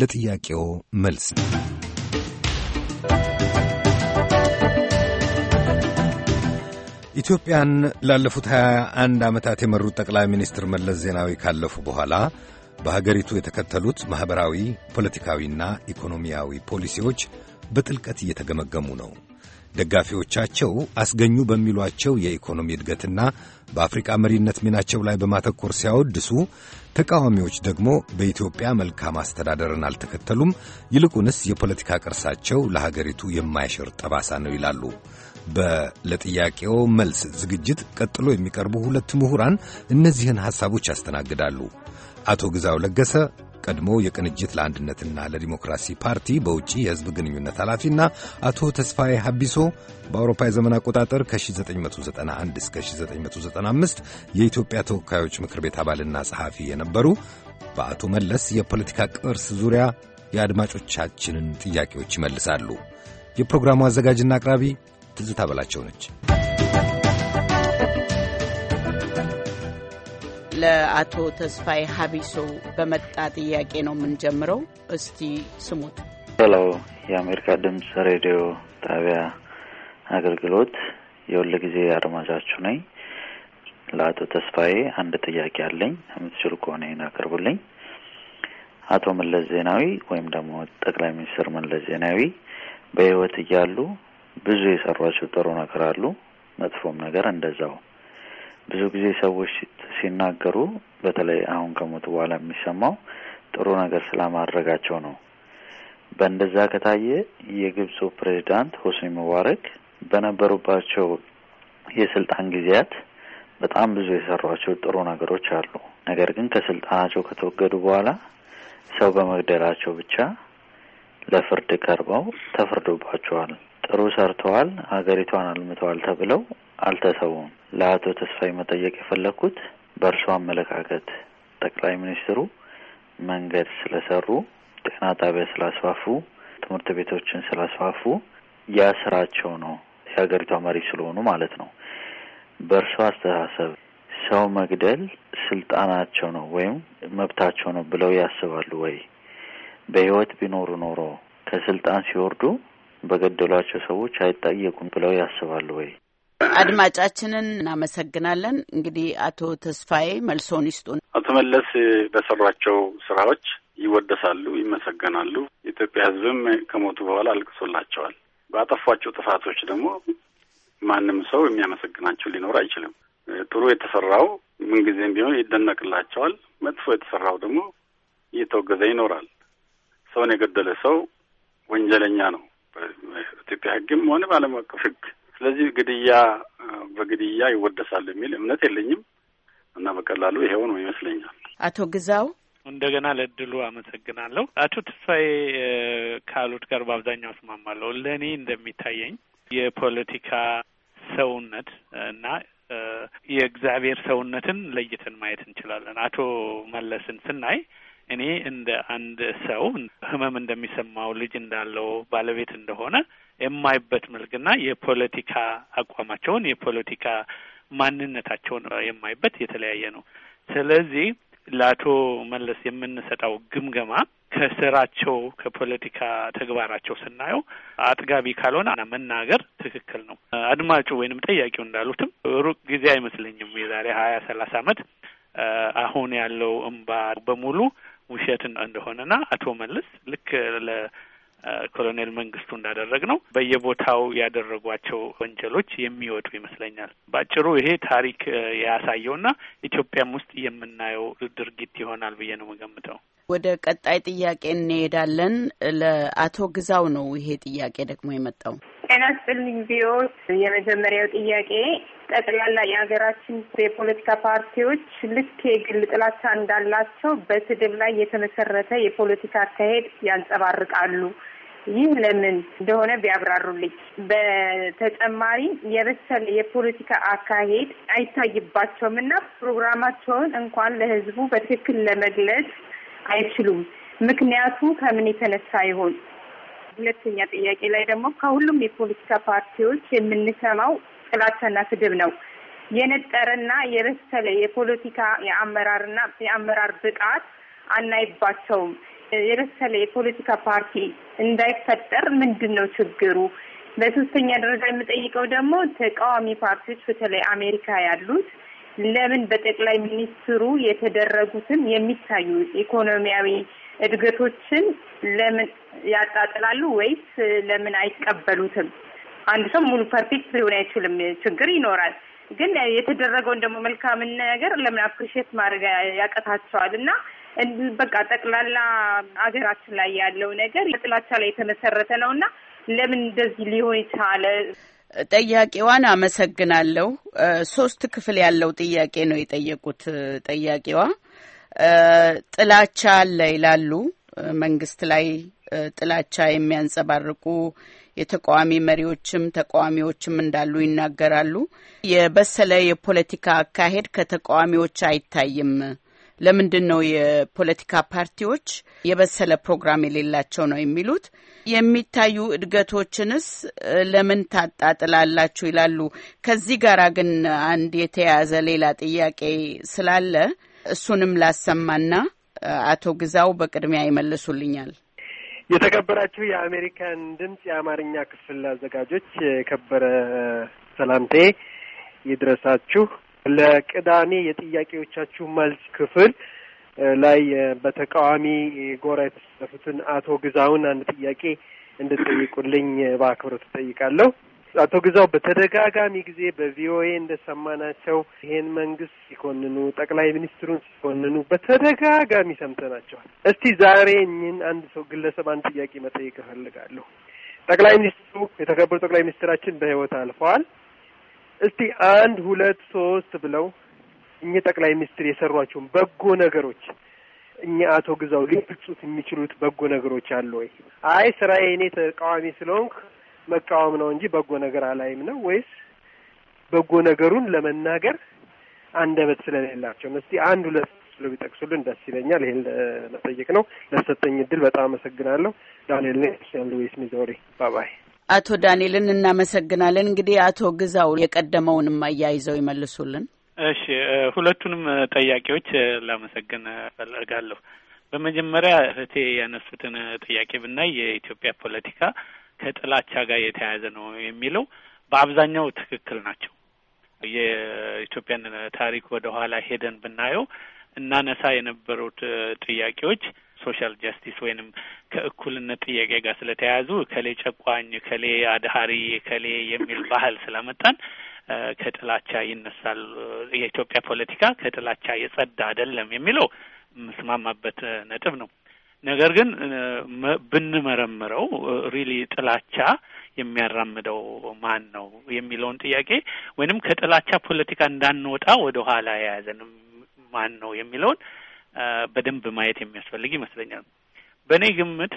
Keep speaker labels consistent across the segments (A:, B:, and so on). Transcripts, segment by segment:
A: ለጥያቄው መልስ ኢትዮጵያን ላለፉት 21 ዓመታት የመሩት ጠቅላይ ሚኒስትር መለስ ዜናዊ ካለፉ በኋላ በሀገሪቱ የተከተሉት ማኅበራዊ ፖለቲካዊና ኢኮኖሚያዊ ፖሊሲዎች በጥልቀት እየተገመገሙ ነው። ደጋፊዎቻቸው አስገኙ በሚሏቸው የኢኮኖሚ እድገትና በአፍሪቃ መሪነት ሚናቸው ላይ በማተኮር ሲያወድሱ፣ ተቃዋሚዎች ደግሞ በኢትዮጵያ መልካም አስተዳደርን አልተከተሉም፣ ይልቁንስ የፖለቲካ ቅርሳቸው ለሀገሪቱ የማይሽር ጠባሳ ነው ይላሉ። በለጥያቄው መልስ ዝግጅት ቀጥሎ የሚቀርቡ ሁለት ምሁራን እነዚህን ሐሳቦች ያስተናግዳሉ። አቶ ግዛው ለገሰ ቀድሞ የቅንጅት ለአንድነትና ለዲሞክራሲ ፓርቲ በውጭ የሕዝብ ግንኙነት ኃላፊና አቶ ተስፋዬ ሀቢሶ በአውሮፓ የዘመን አቆጣጠር ከ1991 እስከ 1995 የኢትዮጵያ ተወካዮች ምክር ቤት አባልና ጸሐፊ የነበሩ በአቶ መለስ የፖለቲካ ቅርስ ዙሪያ የአድማጮቻችንን ጥያቄዎች ይመልሳሉ። የፕሮግራሙ አዘጋጅና አቅራቢ ትዝታ በላቸው ነች።
B: ለአቶ ተስፋዬ ሀቢሶ በመጣ ጥያቄ ነው የምንጀምረው። እስቲ ስሙት።
C: ሄሎ፣ የአሜሪካ ድምፅ ሬዲዮ ጣቢያ አገልግሎት የሁል ጊዜ አድማጫችሁ ነኝ። ለአቶ ተስፋዬ አንድ ጥያቄ አለኝ። የምትችሉ ከሆነ አቅርቡልኝ። አቶ መለስ ዜናዊ ወይም ደግሞ ጠቅላይ ሚኒስትር መለስ ዜናዊ በህይወት እያሉ ብዙ የሰሯቸው ጥሩ ነገር አሉ፣ መጥፎም ነገር እንደዛው ብዙ ጊዜ ሰዎች ሲናገሩ በተለይ አሁን ከሞቱ በኋላ የሚሰማው ጥሩ ነገር ስላማድረጋቸው ነው። በእንደዛ ከታየ የግብፁ ፕሬዚዳንት ሆስኒ ሙባረክ በነበሩባቸው የስልጣን ጊዜያት በጣም ብዙ የሰሯቸው ጥሩ ነገሮች አሉ። ነገር ግን ከስልጣናቸው ከተወገዱ በኋላ ሰው በመግደላቸው ብቻ ለፍርድ ቀርበው ተፈርዶባቸዋል። ጥሩ ሰርተዋል፣ ሀገሪቷን አልምተዋል ተብለው አልተሰውም። ለአቶ ተስፋዬ መጠየቅ የፈለግኩት በእርሶ አመለካከት ጠቅላይ ሚኒስትሩ መንገድ ስለሰሩ፣ ጤና ጣቢያ ስላስፋፉ፣ ትምህርት ቤቶችን ስላስፋፉ ያ ስራቸው ነው የሀገሪቷ መሪ ስለሆኑ ማለት ነው። በእርሶ አስተሳሰብ ሰው መግደል ስልጣናቸው ነው ወይም መብታቸው ነው ብለው ያስባሉ ወይ? በህይወት ቢኖሩ ኖሮ ከስልጣን ሲወርዱ በገደሏቸው ሰዎች አይጠየቁም ብለው ያስባሉ ወይ?
B: አድማጫችንን እናመሰግናለን። እንግዲህ አቶ ተስፋዬ መልሶን ይስጡን። አቶ
D: መለስ በሰሯቸው ስራዎች ይወደሳሉ፣ ይመሰገናሉ። የኢትዮጵያ ሕዝብም ከሞቱ በኋላ አልቅሶላቸዋል። ባጠፏቸው ጥፋቶች ደግሞ ማንም ሰው የሚያመሰግናቸው ሊኖር አይችልም። ጥሩ የተሰራው ምንጊዜም ቢሆን ይደነቅላቸዋል። መጥፎ የተሰራው ደግሞ እየተወገዘ ይኖራል። ሰውን የገደለ ሰው ወንጀለኛ ነው። በኢትዮጵያ ሕግም ሆነ በዓለም አቀፍ ሕግ ስለዚህ ግድያ በግድያ ይወደሳል የሚል እምነት የለኝም እና በቀላሉ ይሄው ነው ይመስለኛል። አቶ ግዛው እንደገና ለእድሉ አመሰግናለሁ። አቶ ተስፋዬ ካሉት ጋር
E: በአብዛኛው እስማማለሁ። ለእኔ እንደሚታየኝ የፖለቲካ ሰውነት እና የእግዚአብሔር ሰውነትን ለይተን ማየት እንችላለን። አቶ መለስን ስናይ እኔ እንደ አንድ ሰው ህመም እንደሚሰማው ልጅ እንዳለው ባለቤት እንደሆነ የማይበት መልክና የፖለቲካ አቋማቸውን የፖለቲካ ማንነታቸውን የማይበት የተለያየ ነው። ስለዚህ ለአቶ መለስ የምንሰጠው ግምገማ ከስራቸው ከፖለቲካ ተግባራቸው ስናየው አጥጋቢ ካልሆነ መናገር ትክክል ነው። አድማጩ ወይንም ጠያቂው እንዳሉትም ሩቅ ጊዜ አይመስለኝም። የዛሬ ሀያ ሰላሳ ዓመት አሁን ያለው እምባ በሙሉ ውሸት እንደሆነና አቶ መለስ ልክ ኮሎኔል መንግስቱ እንዳደረግ ነው በየቦታው ያደረጓቸው ወንጀሎች የሚወጡ ይመስለኛል። በአጭሩ ይሄ ታሪክ ያሳየውና ኢትዮጵያም ውስጥ የምናየው ድርጊት ይሆናል ብዬ ነው የምገምተው።
B: ወደ ቀጣይ ጥያቄ እንሄዳለን። ለአቶ ግዛው ነው ይሄ ጥያቄ ደግሞ የመጣው።
F: ጤና ስጥልኝ ቪዎች። የመጀመሪያው ጥያቄ ጠቅላላ የሀገራችን የፖለቲካ ፓርቲዎች ልክ የግል ጥላቻ እንዳላቸው በስድብ ላይ የተመሰረተ የፖለቲካ አካሄድ ያንጸባርቃሉ። ይህ ለምን እንደሆነ ቢያብራሩልኝ። በተጨማሪ የበሰለ የፖለቲካ አካሄድ አይታይባቸውም እና ፕሮግራማቸውን እንኳን ለሕዝቡ በትክክል ለመግለጽ አይችሉም። ምክንያቱ ከምን የተነሳ ይሆን? ሁለተኛ ጥያቄ ላይ ደግሞ ከሁሉም የፖለቲካ ፓርቲዎች የምንሰማው ጥላቻና ስድብ ነው። የነጠረና የበሰለ የፖለቲካ የአመራርና የአመራር ብቃት አናይባቸውም። የበሰለ የፖለቲካ ፓርቲ እንዳይፈጠር ምንድን ነው ችግሩ? በሶስተኛ ደረጃ የምጠይቀው ደግሞ ተቃዋሚ ፓርቲዎች በተለይ አሜሪካ ያሉት ለምን በጠቅላይ ሚኒስትሩ የተደረጉትን የሚታዩ ኢኮኖሚያዊ እድገቶችን ለምን ያጣጥላሉ ወይስ ለምን አይቀበሉትም? አንድ ሰው ሙሉ ፐርፌክት ሊሆን አይችልም፣ ችግር ይኖራል። ግን የተደረገውን ደግሞ መልካምን ነገር ለምን አፕሪሼት ማድረግ ያቀታቸዋል? እና በቃ ጠቅላላ አገራችን ላይ ያለው ነገር ጥላቻ ላይ የተመሰረተ ነው እና
B: ለምን እንደዚህ ሊሆን ይቻለ? ጠያቂዋን አመሰግናለሁ። ሶስት ክፍል ያለው ጥያቄ ነው የጠየቁት። ጠያቂዋ ጥላቻ አለ ይላሉ መንግስት ላይ ጥላቻ የሚያንጸባርቁ የተቃዋሚ መሪዎችም ተቃዋሚዎችም እንዳሉ ይናገራሉ። የበሰለ የፖለቲካ አካሄድ ከተቃዋሚዎች አይታይም። ለምንድን ነው የፖለቲካ ፓርቲዎች የበሰለ ፕሮግራም የሌላቸው ነው የሚሉት? የሚታዩ እድገቶችንስ ለምን ታጣጥላላችሁ ይላሉ። ከዚህ ጋር ግን አንድ የተያያዘ ሌላ ጥያቄ ስላለ እሱንም ላሰማና አቶ ግዛው በቅድሚያ ይመልሱልኛል።
G: የተከበራችሁ የአሜሪካን ድምፅ የአማርኛ ክፍል አዘጋጆች የከበረ ሰላምቴ ይድረሳችሁ። ለቅዳሜ የጥያቄዎቻችሁ መልስ ክፍል ላይ በተቃዋሚ ጎራ የተሰለፉትን አቶ ግዛውን አንድ ጥያቄ እንድጠይቁልኝ በአክብሮት እጠይቃለሁ። አቶ ግዛው በተደጋጋሚ ጊዜ በቪኦኤ እንደሰማናቸው ይሄን መንግስት ሲኮንኑ፣ ጠቅላይ ሚኒስትሩን ሲኮንኑ በተደጋጋሚ ሰምተናቸዋል። እስቲ ዛሬ እኝን አንድ ሰው ግለሰብ አንድ ጥያቄ መጠየቅ እፈልጋለሁ። ጠቅላይ ሚኒስትሩ የተከበሩ ጠቅላይ ሚኒስትራችን በህይወት አልፈዋል። እስቲ አንድ ሁለት ሶስት ብለው እኚህ ጠቅላይ ሚኒስትር የሰሯቸውን በጎ ነገሮች እኛ አቶ ግዛው ሊገልጹት የሚችሉት በጎ ነገሮች አሉ ወይ? አይ ስራዬ እኔ ተቃዋሚ ስለሆንኩ መቃወም ነው እንጂ በጎ ነገር አላይም ነው ወይስ በጎ ነገሩን ለመናገር አንደበት ስለሌላቸው እስቲ አንድ ሁለት ስለ ቢጠቅሱልን ደስ ይለኛል። ይሄን ለመጠየቅ ነው። ለሰጠኝ እድል በጣም አመሰግናለሁ። ዳንኤል ኔሽናል ሉዊስ ሚዞሪ ባባይ።
B: አቶ ዳንኤልን እናመሰግናለን። እንግዲህ አቶ ግዛው የቀደመውንም አያይዘው ይመልሱልን።
E: እሺ ሁለቱንም ጥያቄዎች ላመሰግን ፈልጋለሁ። በመጀመሪያ እህቴ ያነሱትን ጥያቄ ብናይ የኢትዮጵያ ፖለቲካ ከጥላቻ ጋር የተያያዘ ነው የሚለው በአብዛኛው ትክክል ናቸው። የኢትዮጵያን ታሪክ ወደ ኋላ ሄደን ብናየው እናነሳ የነበሩት ጥያቄዎች ሶሻል ጀስቲስ ወይንም ከእኩልነት ጥያቄ ጋር ስለተያያዙ ከሌ ጨቋኝ፣ ከሌ አድሀሪ፣ ከሌ የሚል ባህል ስለመጣን ከጥላቻ ይነሳል። የኢትዮጵያ ፖለቲካ ከጥላቻ የጸዳ አይደለም የሚለው የምስማማበት ነጥብ ነው። ነገር ግን ብንመረምረው ሪሊ ጥላቻ የሚያራምደው ማን ነው የሚለውን ጥያቄ ወይንም ከጥላቻ ፖለቲካ እንዳንወጣ ወደ ኋላ የያዘን ማን ነው የሚለውን በደንብ ማየት የሚያስፈልግ ይመስለኛል። በእኔ ግምት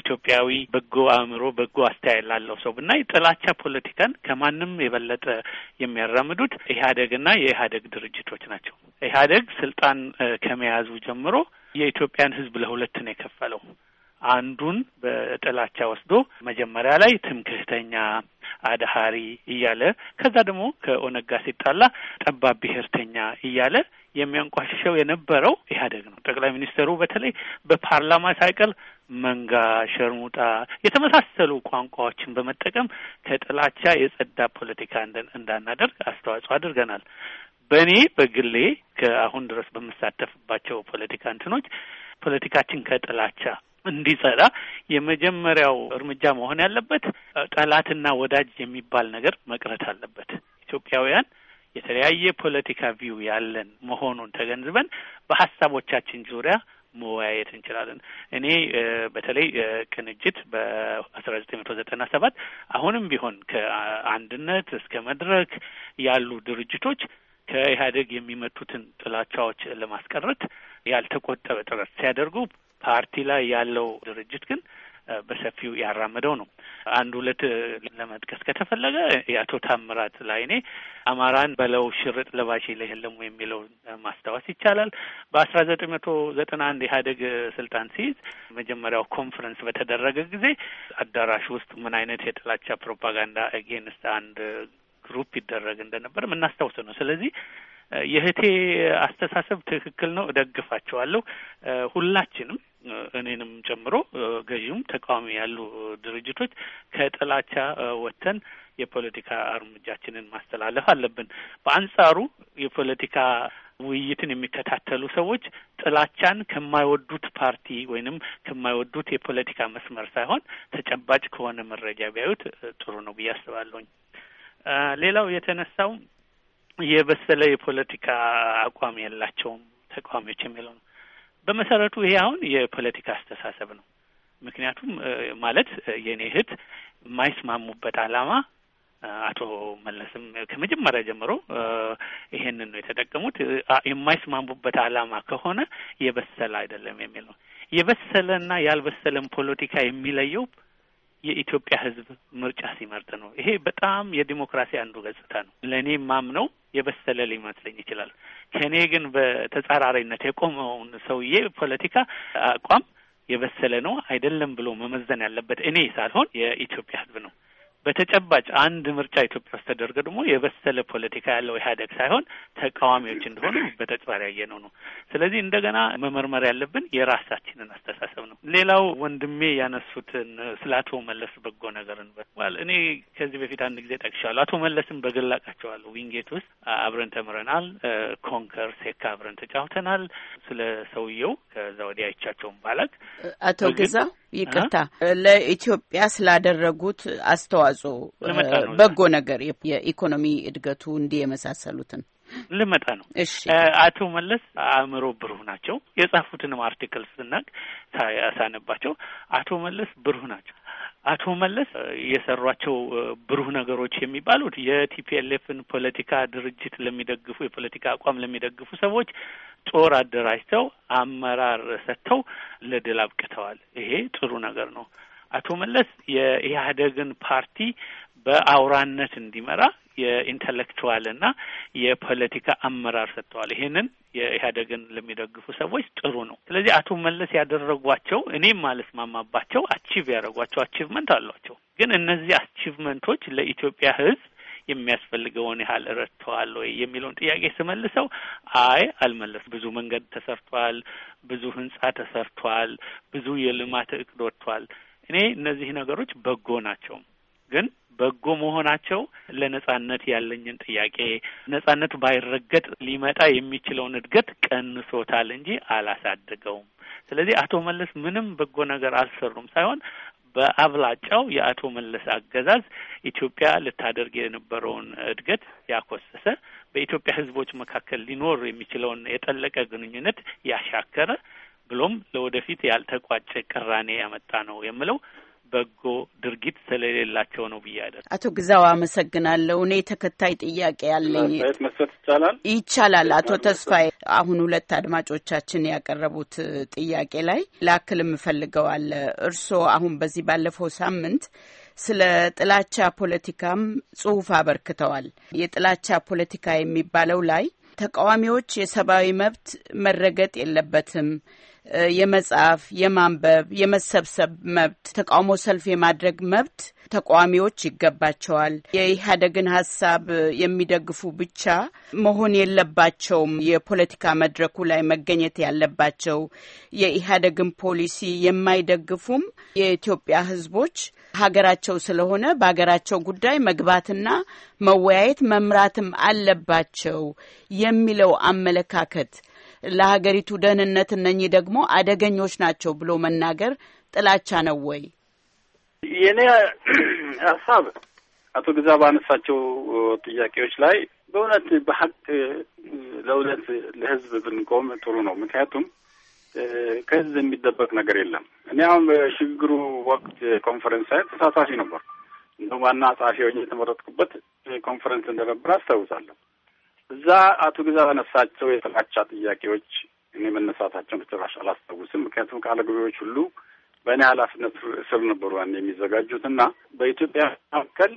E: ኢትዮጵያዊ በጎ አእምሮ፣ በጎ አስተያየት ላለው ሰው ብናይ ጥላቻ ፖለቲካን ከማንም የበለጠ የሚያራምዱት ኢህአዴግና የኢህአዴግ ድርጅቶች ናቸው። ኢህአዴግ ስልጣን ከመያዙ ጀምሮ የኢትዮጵያን ህዝብ ለሁለት ነው የከፈለው። አንዱን በጥላቻ ወስዶ መጀመሪያ ላይ ትምክህተኛ፣ አድሃሪ እያለ ከዛ ደግሞ ከኦነግ ጋር ሲጣላ ጠባብ ብሔርተኛ እያለ የሚያንቋሽሸው የነበረው ኢህአዴግ ነው። ጠቅላይ ሚኒስትሩ በተለይ በፓርላማ ሳይቀር መንጋ፣ ሸርሙጣ የተመሳሰሉ ቋንቋዎችን በመጠቀም ከጥላቻ የጸዳ ፖለቲካ እንዳናደርግ አስተዋጽኦ አድርገናል። በእኔ በግሌ ከአሁን ድረስ በምሳተፍባቸው ፖለቲካ እንትኖች ፖለቲካችን ከጥላቻ እንዲጸዳ የመጀመሪያው እርምጃ መሆን ያለበት ጠላትና ወዳጅ የሚባል ነገር መቅረት አለበት። ኢትዮጵያውያን የተለያየ ፖለቲካ ቪው ያለን መሆኑን ተገንዝበን በሀሳቦቻችን ዙሪያ መወያየት እንችላለን። እኔ በተለይ ቅንጅት በአስራ ዘጠኝ መቶ ዘጠና ሰባት አሁንም ቢሆን ከአንድነት እስከ መድረክ ያሉ ድርጅቶች ከኢህአዴግ የሚመቱትን ጥላቻዎች ለማስቀረት ያልተቆጠበ ጥረት ሲያደርጉ ፓርቲ ላይ ያለው ድርጅት ግን በሰፊው ያራመደው ነው። አንድ ሁለት ለመጥቀስ ከተፈለገ የአቶ ታምራት ላይኔ አማራን በለው ሽርጥ ለባሽ ለየለሙ የሚለው ማስታወስ ይቻላል። በአስራ ዘጠኝ መቶ ዘጠና አንድ ኢህአዴግ ስልጣን ሲይዝ መጀመሪያው ኮንፈረንስ በተደረገ ጊዜ አዳራሽ ውስጥ ምን አይነት የጥላቻ ፕሮፓጋንዳ አጌንስት አንድ ግሩፕ ይደረግ እንደነበር የምናስታውሰው ነው። ስለዚህ የእህቴ አስተሳሰብ ትክክል ነው፣ እደግፋቸዋለሁ። ሁላችንም እኔንም ጨምሮ ገዢውም ተቃዋሚ ያሉ ድርጅቶች ከጥላቻ ወጥተን የፖለቲካ እርምጃችንን ማስተላለፍ አለብን። በአንጻሩ የፖለቲካ ውይይትን የሚከታተሉ ሰዎች ጥላቻን ከማይወዱት ፓርቲ ወይንም ከማይወዱት የፖለቲካ መስመር ሳይሆን ተጨባጭ ከሆነ መረጃ ቢያዩት ጥሩ ነው ብዬ አስባለሁኝ። ሌላው የተነሳው የበሰለ የፖለቲካ አቋም የላቸውም ተቃዋሚዎች የሚለው ነው። በመሰረቱ ይሄ አሁን የፖለቲካ አስተሳሰብ ነው። ምክንያቱም ማለት የእኔ እህት የማይስማሙበት አላማ አቶ መለስም ከመጀመሪያ ጀምሮ ይሄንን ነው የተጠቀሙት። የማይስማሙበት አላማ ከሆነ የበሰለ አይደለም የሚል ነው። የበሰለና ያልበሰለን ፖለቲካ የሚለየው የኢትዮጵያ ሕዝብ ምርጫ ሲመርጥ ነው። ይሄ በጣም የዲሞክራሲ አንዱ ገጽታ ነው። ለእኔ ማምነው የበሰለ ሊመስለኝ ይችላል። ከእኔ ግን በተጻራሪነት የቆመውን ሰውዬ ፖለቲካ አቋም የበሰለ ነው አይደለም ብሎ መመዘን ያለበት እኔ ሳልሆን የኢትዮጵያ ሕዝብ ነው። በተጨባጭ አንድ ምርጫ ኢትዮጵያ ውስጥ ተደርገ ደግሞ የበሰለ ፖለቲካ ያለው ኢህአዴግ ሳይሆን ተቃዋሚዎች እንደሆኑ በተግባር ያየ ነው። ነው። ስለዚህ እንደገና መመርመር ያለብን የራሳችንን አስተሳሰብ ነው። ሌላው ወንድሜ ያነሱትን ስለ አቶ መለስ በጎ ነገርን በል እኔ ከዚህ በፊት አንድ ጊዜ ጠቅሻለሁ። አቶ መለስን በግላቃቸዋለሁ። ዊንጌት ውስጥ አብረን ተምረናል። ኮንከር ሴካ አብረን ተጫውተናል። ስለ ሰውየው ከዛ ወዲያ አይቻቸውም ባላቅ
B: አቶ ግዛው ይቅርታ ለኢትዮጵያ ስላደረጉት አስተዋጽኦ በጎ ነገር የኢኮኖሚ እድገቱ እንዲህ የመሳሰሉትን
E: ልመጣ ነው። አቶ መለስ አእምሮ ብሩህ ናቸው። የጻፉትንም አርቲክል ስናቅ ሳያሳንባቸው አቶ መለስ ብሩህ ናቸው። አቶ መለስ የሰሯቸው ብሩህ ነገሮች የሚባሉት የቲፒኤልኤፍን ፖለቲካ ድርጅት ለሚደግፉ የፖለቲካ አቋም ለሚደግፉ ሰዎች ጦር አደራጅተው አመራር ሰጥተው ለድል አብቅተዋል። ይሄ ጥሩ ነገር ነው። አቶ መለስ የኢህአደግን ፓርቲ በአውራነት እንዲመራ የኢንተሌክቹዋል እና የፖለቲካ አመራር ሰጥተዋል። ይሄንን የኢህአዴግን ለሚደግፉ ሰዎች ጥሩ ነው። ስለዚህ አቶ መለስ ያደረጓቸው እኔም ማለስማማባቸው አቺቭ ያደረጓቸው አቺቭመንት አሏቸው። ግን እነዚህ አቺቭመንቶች ለኢትዮጵያ ህዝብ የሚያስፈልገውን ያህል እረድተዋል ወይ የሚለውን ጥያቄ ስመልሰው አይ አልመለስ። ብዙ መንገድ ተሰርቷል፣ ብዙ ህንጻ ተሰርቷል፣ ብዙ የልማት እቅድ ወጥቷል። እኔ እነዚህ ነገሮች በጎ ናቸው። ግን በጎ መሆናቸው ለነጻነት ያለኝን ጥያቄ ነጻነት ባይረገጥ ሊመጣ የሚችለውን እድገት ቀንሶታል እንጂ አላሳድገውም። ስለዚህ አቶ መለስ ምንም በጎ ነገር አልሰሩም ሳይሆን በአብላጫው የአቶ መለስ አገዛዝ ኢትዮጵያ ልታደርግ የነበረውን እድገት ያኮሰሰ፣ በኢትዮጵያ ሕዝቦች መካከል ሊኖር የሚችለውን የጠለቀ ግንኙነት ያሻከረ ብሎም ለወደፊት ያልተቋጨ ቅራኔ ያመጣ ነው የምለው በጎ ድርጊት ስለሌላቸው ነው ብዬ አይደል። አቶ
B: ግዛው አመሰግናለሁ። እኔ ተከታይ ጥያቄ ያለኝ መስጠት ይቻላል ይቻላል። አቶ ተስፋዬ አሁን ሁለት አድማጮቻችን ያቀረቡት ጥያቄ ላይ ላክልም እፈልገዋል። እርስዎ አሁን በዚህ ባለፈው ሳምንት ስለ ጥላቻ ፖለቲካም ጽሁፍ አበርክተዋል። የጥላቻ ፖለቲካ የሚባለው ላይ ተቃዋሚዎች የሰብአዊ መብት መረገጥ የለበትም የመጻፍ፣ የማንበብ፣ የመሰብሰብ መብት፣ ተቃውሞ ሰልፍ የማድረግ መብት ተቃዋሚዎች ይገባቸዋል። የኢህአደግን ሀሳብ የሚደግፉ ብቻ መሆን የለባቸውም። የፖለቲካ መድረኩ ላይ መገኘት ያለባቸው የኢህአደግን ፖሊሲ የማይደግፉም የኢትዮጵያ ህዝቦች ሀገራቸው ስለሆነ በሀገራቸው ጉዳይ መግባትና መወያየት መምራትም አለባቸው የሚለው አመለካከት ለሀገሪቱ ደህንነት እነኚህ ደግሞ አደገኞች ናቸው ብሎ መናገር ጥላቻ ነው ወይ?
D: የእኔ ሀሳብ አቶ ግዛ ባነሳቸው ጥያቄዎች ላይ በእውነት በሀቅ ለእውነት ለህዝብ ብንቆም ጥሩ ነው። ምክንያቱም ከህዝብ የሚደበቅ ነገር የለም። እኔ አሁን በሽግግሩ ወቅት ኮንፈረንስ ላይ ተሳታፊ ነበር። እንደ ዋና ጸሐፊ ሆኜ የተመረጥኩበት ኮንፈረንስ እንደነበር አስታውሳለሁ። እዛ አቶ ግዛ በነሳቸው የጥላቻ ጥያቄዎች እኔ መነሳታቸውን በጭራሽ አላስታውስም። ምክንያቱም ቃለ ገቢዎች ሁሉ በእኔ ኃላፊነት ስር ነበሩ ያን የሚዘጋጁት እና በኢትዮጵያ መካከል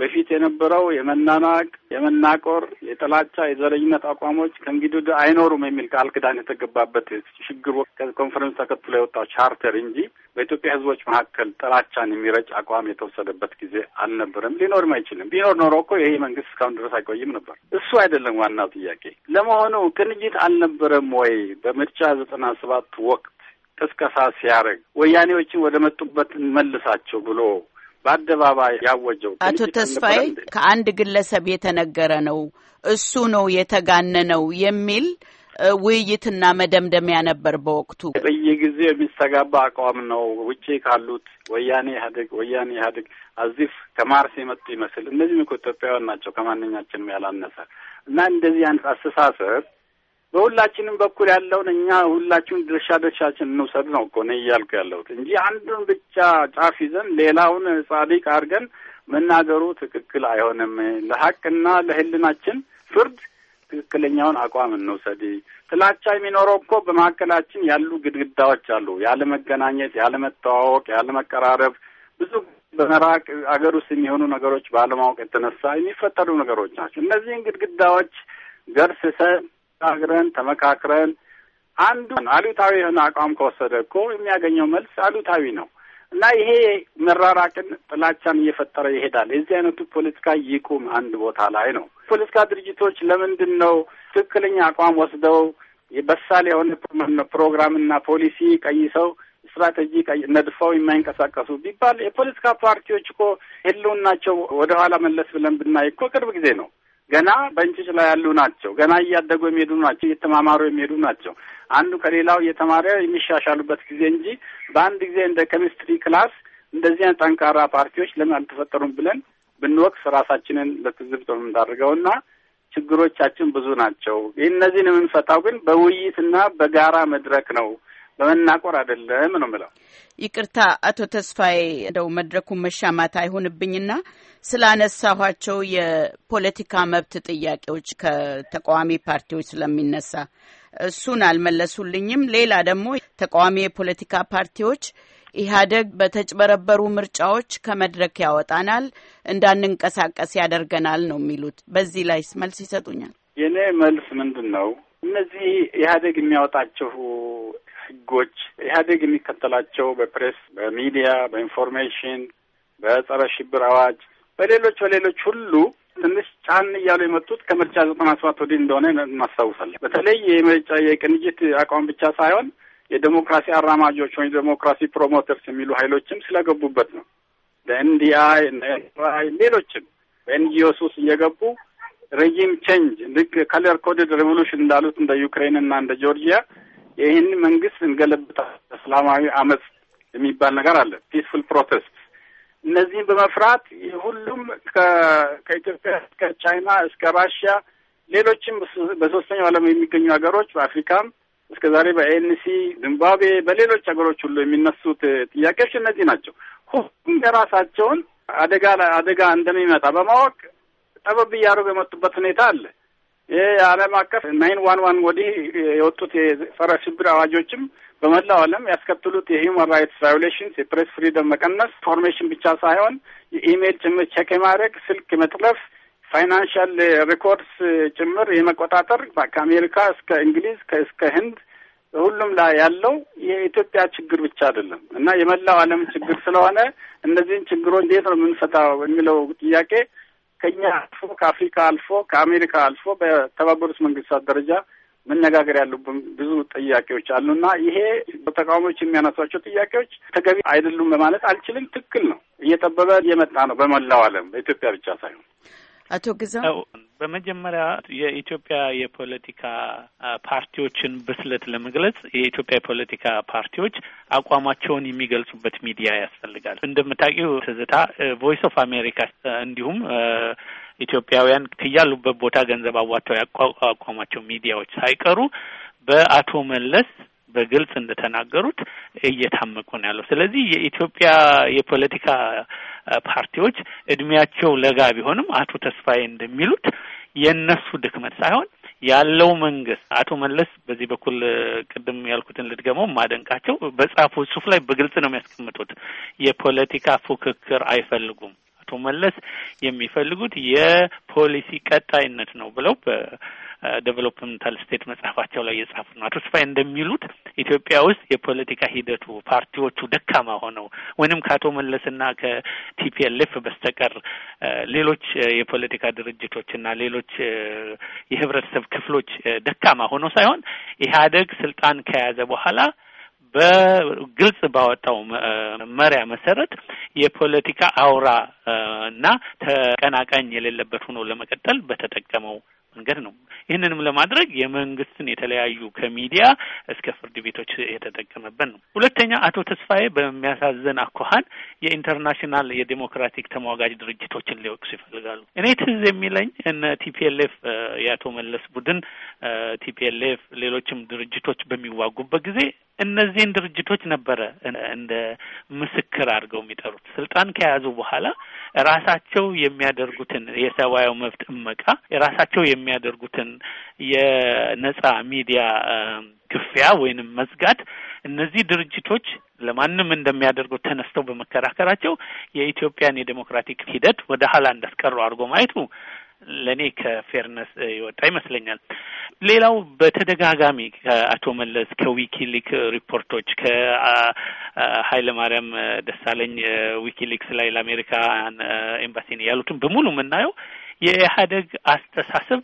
D: በፊት የነበረው የመናናቅ፣ የመናቆር፣ የጥላቻ፣ የዘረኝነት አቋሞች ከእንግዲህ አይኖሩም የሚል ቃል ክዳን የተገባበት ሽግግር ኮንፈረንስ ተከትሎ የወጣው ቻርተር እንጂ በኢትዮጵያ ሕዝቦች መካከል ጥላቻን የሚረጭ አቋም የተወሰደበት ጊዜ አልነበረም፣ ሊኖርም አይችልም። ቢኖር ኖሮ እኮ ይሄ መንግስት እስካሁን ድረስ አይቆይም ነበር። እሱ አይደለም ዋናው ጥያቄ። ለመሆኑ ቅንጅት አልነበረም ወይ በምርጫ ዘጠና ሰባት ወቅት ቅስቀሳ ሲያደርግ ወያኔዎችን ወደ መጡበት እንመልሳቸው ብሎ በአደባባይ ያወጀው አቶ
B: ተስፋዬ ከአንድ ግለሰብ የተነገረ ነው እሱ ነው የተጋነነው የሚል ውይይትና መደምደሚያ ነበር። በወቅቱ
D: በየጊዜው የሚስተጋባ አቋም ነው። ውጭ ካሉት ወያኔ ኢህአዴግ ወያኔ ኢህአዴግ አዚፍ ከማርስ የመጡ ይመስል እነዚህም እኮ ኢትዮጵያውያን ናቸው ከማንኛችንም ያላነሰ እና እንደዚህ አይነት አስተሳሰብ በሁላችንም በኩል ያለውን እኛ ሁላችሁን ድርሻ ድርሻችን እንውሰድ ነው እኮ ነ እያልኩ ያለሁት እንጂ አንዱን ብቻ ጫፍ ይዘን ሌላውን ጻድቅ አድርገን መናገሩ ትክክል አይሆንም። ለሀቅና ለህልናችን ፍርድ ትክክለኛውን አቋም እንውሰድ። ጥላቻ የሚኖረው እኮ በመካከላችን ያሉ ግድግዳዎች አሉ። ያለ መገናኘት፣ ያለ መተዋወቅ፣ ያለ መቀራረብ ብዙ በመራቅ አገር ውስጥ የሚሆኑ ነገሮች ባለማወቅ የተነሳ የሚፈጠሩ ነገሮች ናቸው። እነዚህን ግድግዳዎች ገርስሰን ተነጋግረን ተመካክረን አንዱ አሉታዊ የሆነ አቋም ከወሰደ እኮ የሚያገኘው መልስ አሉታዊ ነው እና ይሄ መራራቅን፣ ጥላቻን እየፈጠረ ይሄዳል። የዚህ አይነቱ ፖለቲካ ይቁም አንድ ቦታ ላይ ነው። ፖለቲካ ድርጅቶች ለምንድን ነው ትክክለኛ አቋም ወስደው በሳል የሆነ ፕሮግራምና ፖሊሲ ቀይሰው ስትራቴጂ ነድፈው የማይንቀሳቀሱ ቢባል የፖለቲካ ፓርቲዎች እኮ ህልውናቸው ወደኋላ መለስ ብለን ብናይ እኮ ቅርብ ጊዜ ነው። ገና በእንጭጭ ላይ ያሉ ናቸው። ገና እያደጉ የሚሄዱ ናቸው። እየተማማሩ የሚሄዱ ናቸው። አንዱ ከሌላው እየተማረ የሚሻሻሉበት ጊዜ እንጂ በአንድ ጊዜ እንደ ኬሚስትሪ ክላስ እንደዚህ አይነት ጠንካራ ፓርቲዎች ለምን አልተፈጠሩም ብለን ብንወቅስ ራሳችንን ለትዝብት የምንዳርገውና ችግሮቻችን ብዙ ናቸው። እነዚህን የምንፈታው ግን በውይይትና በጋራ መድረክ ነው። በመናቆር አይደለም ነው የምለው።
B: ይቅርታ አቶ ተስፋዬ እንደው መድረኩን መሻማት አይሆንብኝና ስላነሳኋቸው የፖለቲካ መብት ጥያቄዎች ከተቃዋሚ ፓርቲዎች ስለሚነሳ እሱን አልመለሱልኝም። ሌላ ደግሞ ተቃዋሚ የፖለቲካ ፓርቲዎች ኢህአደግ በተጭበረበሩ ምርጫዎች ከመድረክ ያወጣናል፣ እንዳንንቀሳቀስ ያደርገናል ነው የሚሉት። በዚህ ላይ መልስ ይሰጡኛል?
D: የእኔ መልስ ምንድን ነው? እነዚህ ኢህአደግ የሚያወጣቸው ህጎች ኢህአዴግ የሚከተላቸው በፕሬስ፣ በሚዲያ፣ በኢንፎርሜሽን፣ በጸረ ሽብር አዋጅ፣ በሌሎች በሌሎች ሁሉ ትንሽ ጫን እያሉ የመጡት ከምርጫ ዘጠና ሰባት ወዲህ እንደሆነ እናስታውሳለን። በተለይ የምርጫ የቅንጅት አቋም ብቻ ሳይሆን የዴሞክራሲ አራማጆች ወይም ዴሞክራሲ ፕሮሞተርስ የሚሉ ሀይሎችም ስለገቡበት ነው። ለኤንዲአይ ኤንራይ ሌሎችም በኤንጂኦስ ውስጥ እየገቡ ሬጂም ቼንጅ ልክ ከለር ኮድድ ሬቮሉሽን እንዳሉት እንደ ዩክሬን እና እንደ ጆርጂያ ይህን መንግስት እንገለብጣ እስላማዊ አመፅ የሚባል ነገር አለ፣ ፒስፉል ፕሮቴስት። እነዚህን በመፍራት ሁሉም ከኢትዮጵያ እስከ ቻይና እስከ ራሽያ፣ ሌሎችም በሶስተኛው ዓለም የሚገኙ ሀገሮች በአፍሪካም እስከ ዛሬ በኤንሲ ዚምባብዌ፣ በሌሎች ሀገሮች ሁሉ የሚነሱት ጥያቄዎች እነዚህ ናቸው። ሁሉም የራሳቸውን አደጋ አደጋ እንደሚመጣ በማወቅ ጠበብ እያሩ የመጡበት ሁኔታ አለ። ይህ የዓለም አቀፍ ናይን ዋን ዋን ወዲህ የወጡት የጸረ ሽብር አዋጆችም በመላው ዓለም ያስከትሉት የሂውማን ራይትስ ቫዮሌሽንስ፣ የፕሬስ ፍሪደም መቀነስ፣ ኢንፎርሜሽን ብቻ ሳይሆን የኢሜል ጭምር ቼክ የማድረግ ስልክ መጥለፍ፣ ፋይናንሻል ሪኮርድስ ጭምር የመቆጣጠር ከአሜሪካ እስከ እንግሊዝ እስከ ህንድ ሁሉም ላይ ያለው የኢትዮጵያ ችግር ብቻ አይደለም እና የመላው ዓለም ችግር ስለሆነ እነዚህን ችግሮች እንዴት ነው የምንፈታው የሚለው ጥያቄ ከኛ አልፎ ከአፍሪካ አልፎ ከአሜሪካ አልፎ በተባበሩት መንግስታት ደረጃ መነጋገር ያሉብን ብዙ ጥያቄዎች አሉና ይሄ ተቃዋሚዎች የሚያነሷቸው ጥያቄዎች ተገቢ አይደሉም በማለት አልችልም። ትክክል ነው። እየጠበበ እየመጣ ነው በመላው ዓለም በኢትዮጵያ ብቻ ሳይሆን
B: አቶ ግዛው
E: በመጀመሪያ የኢትዮጵያ የፖለቲካ ፓርቲዎችን ብስለት ለመግለጽ የኢትዮጵያ የፖለቲካ ፓርቲዎች አቋማቸውን የሚገልጹበት ሚዲያ ያስፈልጋል። እንደምታውቂው ትዝታ ቮይስ ኦፍ አሜሪካ እንዲሁም ኢትዮጵያውያን ከያሉበት ቦታ ገንዘብ አዋጥተው ያቋቋሟቸው ሚዲያዎች ሳይቀሩ በአቶ መለስ በግልጽ እንደተናገሩት እየታመቁ ነው ያለው። ስለዚህ የኢትዮጵያ የፖለቲካ ፓርቲዎች እድሜያቸው ለጋ ቢሆንም አቶ ተስፋዬ እንደሚሉት የእነሱ ድክመት ሳይሆን ያለው መንግስት አቶ መለስ በዚህ በኩል ቅድም ያልኩትን ልድገመው ማደንቃቸው በጻፉ ጽሁፍ ላይ በግልጽ ነው የሚያስቀምጡት። የፖለቲካ ፉክክር አይፈልጉም። አቶ መለስ የሚፈልጉት የፖሊሲ ቀጣይነት ነው ብለው ዴቨሎፕመንታል ስቴት መጽሐፋቸው ላይ የጻፉ ነው። አቶ ስፋይ እንደሚሉት ኢትዮጵያ ውስጥ የፖለቲካ ሂደቱ ፓርቲዎቹ ደካማ ሆነው ወይንም ከአቶ መለስና ከቲፒኤልኤፍ በስተቀር ሌሎች የፖለቲካ ድርጅቶችና ሌሎች የህብረተሰብ ክፍሎች ደካማ ሆነው ሳይሆን ኢህአደግ ስልጣን ከያዘ በኋላ በግልጽ ባወጣው መመሪያ መሰረት የፖለቲካ አውራ እና ተቀናቃኝ የሌለበት ሆኖ ለመቀጠል በተጠቀመው መንገድ ነው። ይህንንም ለማድረግ የመንግስትን የተለያዩ ከሚዲያ እስከ ፍርድ ቤቶች የተጠቀመበት ነው። ሁለተኛ አቶ ተስፋዬ በሚያሳዝን አኳኋን የኢንተርናሽናል የዴሞክራቲክ ተሟጋጅ ድርጅቶችን ሊወቅሱ ይፈልጋሉ። እኔ ትዝ የሚለኝ እነ ቲፒኤልኤፍ የአቶ መለስ ቡድን ቲፒኤልኤፍ፣ ሌሎችም ድርጅቶች በሚዋጉበት ጊዜ እነዚህን ድርጅቶች ነበረ እንደ ምስክር አድርገው የሚጠሩት። ስልጣን ከያዙ በኋላ ራሳቸው የሚያደርጉትን የሰብአዊ መብት እመቃ፣ የራሳቸው የሚያደርጉትን የነጻ ሚዲያ ክፍያ ወይንም መዝጋት እነዚህ ድርጅቶች ለማንም እንደሚያደርጉት ተነስተው በመከራከራቸው የኢትዮጵያን የዴሞክራቲክ ሂደት ወደ ኋላ እንዳስቀሩ አድርጎ ማየቱ ለእኔ ከፌርነስ የወጣ ይመስለኛል። ሌላው በተደጋጋሚ ከአቶ መለስ ከዊኪሊክ ሪፖርቶች ከኃይለማርያም ደሳለኝ ዊኪሊክስ ላይ ለአሜሪካ ኤምባሲን ያሉትን በሙሉ የምናየው የኢህአደግ አስተሳሰብ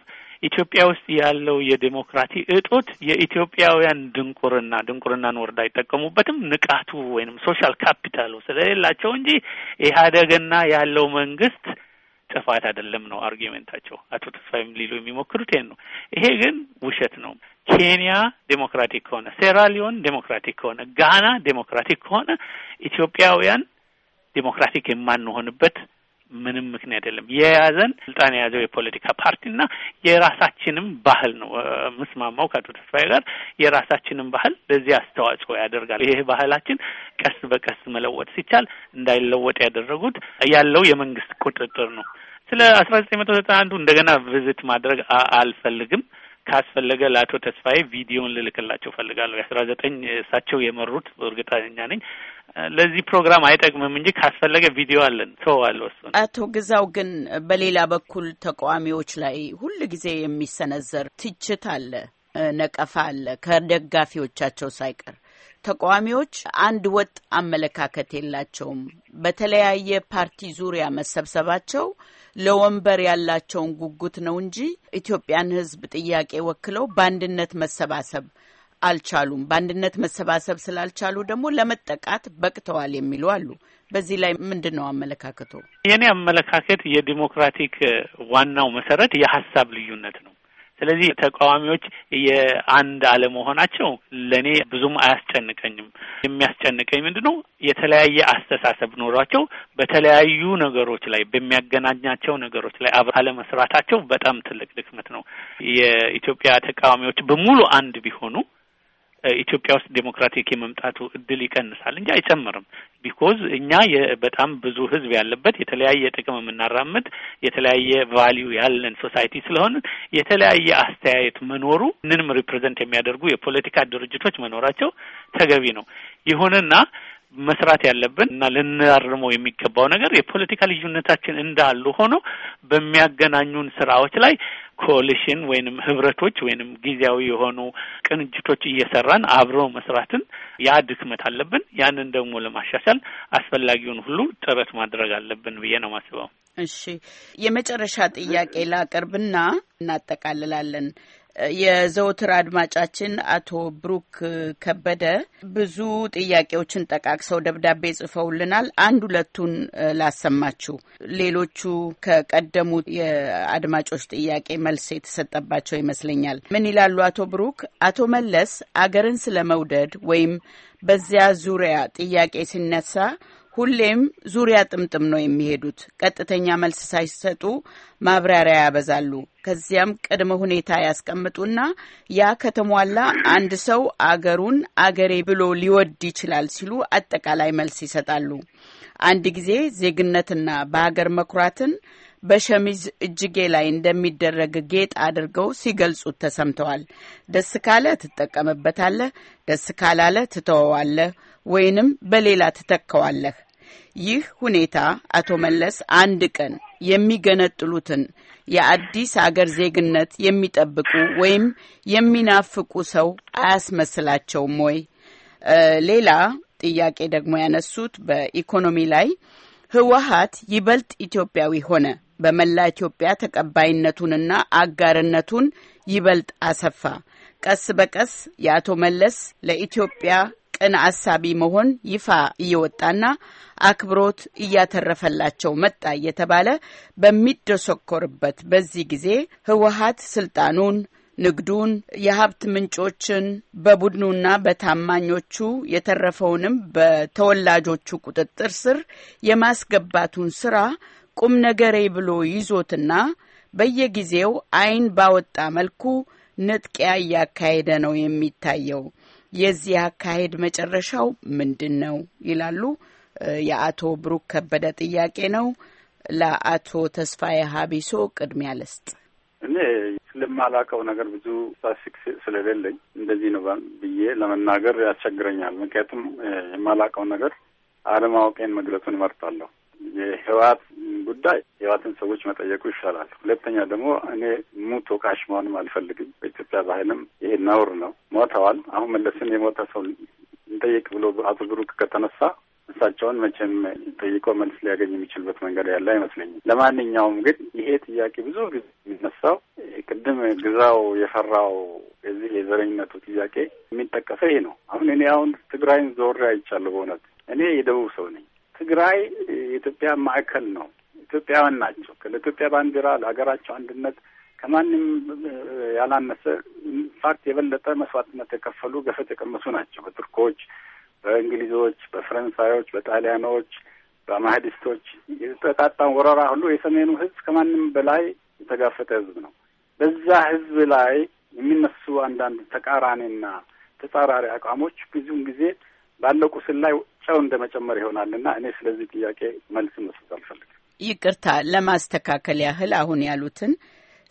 E: ኢትዮጵያ ውስጥ ያለው የዴሞክራሲ እጦት የኢትዮጵያውያን ድንቁርና ድንቁርናን ወርዳ አይጠቀሙበትም ንቃቱ ወይንም ሶሻል ካፒታሉ ስለሌላቸው እንጂ ኢህአደግና ያለው መንግስት ጥፋት አይደለም ነው አርጊመንታቸው። አቶ ተስፋይም ሊሉ የሚሞክሩት ይሄን ነው። ይሄ ግን ውሸት ነው። ኬንያ ዴሞክራቲክ ከሆነ፣ ሴራሊዮን ዴሞክራቲክ ከሆነ፣ ጋና ዴሞክራቲክ ከሆነ ኢትዮጵያውያን ዴሞክራቲክ የማንሆንበት ምንም ምክንያት የለም። የያዘን ስልጣን የያዘው የፖለቲካ ፓርቲና የራሳችንም ባህል ነው። ምስማማው ከአቶ ተስፋዬ ጋር የራሳችንም ባህል ለዚህ አስተዋጽኦ ያደርጋል። ይሄ ባህላችን ቀስ በቀስ መለወጥ ሲቻል እንዳይለወጥ ያደረጉት ያለው የመንግስት ቁጥጥር ነው። ስለ አስራ ዘጠኝ መቶ ዘጠና አንዱ እንደገና ቪዝት ማድረግ አልፈልግም። ካስፈለገ ለአቶ ተስፋዬ ቪዲዮን ልልክላቸው ፈልጋለሁ። የአስራ ዘጠኝ እሳቸው የመሩት እርግጠኛ ነኝ። ለዚህ ፕሮግራም አይጠቅምም እንጂ ካስፈለገ ቪዲዮ አለን። ሰው አለ
B: አቶ ግዛው ግን በሌላ በኩል ተቃዋሚዎች ላይ ሁል ጊዜ የሚሰነዘር ትችት አለ፣ ነቀፋ አለ ከደጋፊዎቻቸው ሳይቀር ተቃዋሚዎች አንድ ወጥ አመለካከት የላቸውም። በተለያየ ፓርቲ ዙሪያ መሰብሰባቸው ለወንበር ያላቸውን ጉጉት ነው እንጂ ኢትዮጵያን ሕዝብ ጥያቄ ወክለው በአንድነት መሰባሰብ አልቻሉም። በአንድነት መሰባሰብ ስላልቻሉ ደግሞ ለመጠቃት በቅተዋል የሚሉ አሉ። በዚህ ላይ ምንድን ነው አመለካከቶ?
E: የኔ አመለካከት የዲሞክራቲክ ዋናው መሰረት የሀሳብ ልዩነት ነው። ስለዚህ ተቃዋሚዎች የአንድ አለመሆናቸው ለእኔ ብዙም አያስጨንቀኝም። የሚያስጨንቀኝ ምንድን ነው የተለያየ አስተሳሰብ ኖሯቸው በተለያዩ ነገሮች ላይ በሚያገናኛቸው ነገሮች ላይ አለመስራታቸው በጣም ትልቅ ድክመት ነው። የኢትዮጵያ ተቃዋሚዎች በሙሉ አንድ ቢሆኑ ኢትዮጵያ ውስጥ ዴሞክራቲክ የመምጣቱ እድል ይቀንሳል እንጂ አይጨምርም። ቢኮዝ እኛ በጣም ብዙ ህዝብ ያለበት የተለያየ ጥቅም የምናራምድ የተለያየ ቫሊዩ ያለን ሶሳይቲ ስለሆነ የተለያየ አስተያየት መኖሩ ምንም ሪፕሬዘንት የሚያደርጉ የፖለቲካ ድርጅቶች መኖራቸው ተገቢ ነው። ይሁንና መስራት ያለብን እና ልናርመው የሚገባው ነገር የፖለቲካ ልዩነታችን እንዳሉ ሆኖ በሚያገናኙን ስራዎች ላይ ኮሊሽን ወይንም ህብረቶች ወይንም ጊዜያዊ የሆኑ ቅንጅቶች እየሰራን አብሮ መስራትን ያ ድክመት አለብን። ያንን ደግሞ ለማሻሻል አስፈላጊውን ሁሉ ጥረት ማድረግ አለብን ብዬ ነው ማስበው።
B: እሺ፣ የመጨረሻ ጥያቄ ላቅርብና እናጠቃልላለን። የዘወትር አድማጫችን አቶ ብሩክ ከበደ ብዙ ጥያቄዎችን ጠቃቅሰው ደብዳቤ ጽፈውልናል። አንድ ሁለቱን ላሰማችሁ። ሌሎቹ ከቀደሙት የአድማጮች ጥያቄ መልስ የተሰጠባቸው ይመስለኛል። ምን ይላሉ አቶ ብሩክ? አቶ መለስ አገርን ስለመውደድ ወይም በዚያ ዙሪያ ጥያቄ ሲነሳ ሁሌም ዙሪያ ጥምጥም ነው የሚሄዱት። ቀጥተኛ መልስ ሳይሰጡ ማብራሪያ ያበዛሉ። ከዚያም ቅድመ ሁኔታ ያስቀምጡና ያ ከተሟላ አንድ ሰው አገሩን አገሬ ብሎ ሊወድ ይችላል ሲሉ አጠቃላይ መልስ ይሰጣሉ። አንድ ጊዜ ዜግነትና በሀገር መኩራትን በሸሚዝ እጅጌ ላይ እንደሚደረግ ጌጥ አድርገው ሲገልጹት ተሰምተዋል። ደስ ካለ ትጠቀምበታለህ፣ ደስ ካላለ ትተወዋለህ ወይንም በሌላ ትተካዋለህ። ይህ ሁኔታ አቶ መለስ አንድ ቀን የሚገነጥሉትን የአዲስ አገር ዜግነት የሚጠብቁ ወይም የሚናፍቁ ሰው አያስመስላቸውም ወይ? ሌላ ጥያቄ ደግሞ ያነሱት በኢኮኖሚ ላይ ህወሀት ይበልጥ ኢትዮጵያዊ ሆነ፣ በመላ ኢትዮጵያ ተቀባይነቱንና አጋርነቱን ይበልጥ አሰፋ። ቀስ በቀስ የአቶ መለስ ለኢትዮጵያ ቅን አሳቢ መሆን ይፋ እየወጣና አክብሮት እያተረፈላቸው መጣ እየተባለ በሚደሰኮርበት በዚህ ጊዜ ህወሀት ስልጣኑን ንግዱን፣ የሀብት ምንጮችን በቡድኑና በታማኞቹ የተረፈውንም በተወላጆቹ ቁጥጥር ስር የማስገባቱን ስራ ቁም ነገሬ ብሎ ይዞትና በየጊዜው አይን ባወጣ መልኩ ንጥቂያ እያካሄደ ነው የሚታየው። የዚህ አካሄድ መጨረሻው ምንድን ነው ይላሉ። የአቶ ብሩክ ከበደ ጥያቄ ነው። ለአቶ ተስፋዬ ሀቢሶ ቅድሚያ ልስጥ።
D: እኔ ስለማላውቀው ነገር ብዙ ሳሲክ ስለሌለኝ እንደዚህ ነው ብዬ ለመናገር ያስቸግረኛል። ምክንያቱም የማላውቀው ነገር አለማወቄን መግለጹን እመርጣለሁ። የህወሓት ጉዳይ ህወሓትን ሰዎች መጠየቁ ይሻላል። ሁለተኛ ደግሞ እኔ ሙቶ ካሽ መሆንም አልፈልግም። በኢትዮጵያ ባህልም ይሄ ነውር ነው። ሞተዋል። አሁን መለስን የሞተ ሰው እንጠይቅ ብሎ አቶ ብሩክ ከተነሳ እሳቸውን መቼም ጠይቆ መልስ ሊያገኝ የሚችልበት መንገድ ያለ አይመስለኝም። ለማንኛውም ግን ይሄ ጥያቄ ብዙ ጊዜ የሚነሳው ቅድም ግዛው የፈራው የዚህ የዘረኝነቱ ጥያቄ የሚጠቀሰው ይሄ ነው። አሁን እኔ አሁን ትግራይን ዞሬ አይቻለሁ። በእውነት እኔ የደቡብ ሰው ነኝ። ትግራይ የኢትዮጵያ ማዕከል ነው። ኢትዮጵያውያን ናቸው። ለኢትዮጵያ ባንዲራ፣ ለሀገራቸው አንድነት ከማንም ያላነሰ ኢንፋክት የበለጠ መስዋዕትነት የከፈሉ ገፈት የቀመሱ ናቸው። በቱርኮች፣ በእንግሊዞች፣ በፈረንሳዮች፣ በጣሊያኖች፣ በማህዲስቶች የተቃጣን ወረራ ሁሉ የሰሜኑ ህዝብ ከማንም በላይ የተጋፈጠ ህዝብ ነው። በዛ ህዝብ ላይ የሚነሱ አንዳንድ ተቃራኒና ተጻራሪ አቋሞች ብዙውን ጊዜ ባለው ቁስል ላይ ጨው እንደ መጨመር ይሆናል እና እኔ ስለዚህ ጥያቄ መልስ
B: መስጠት አልፈልግም። ይቅርታ ለማስተካከል ያህል አሁን ያሉትን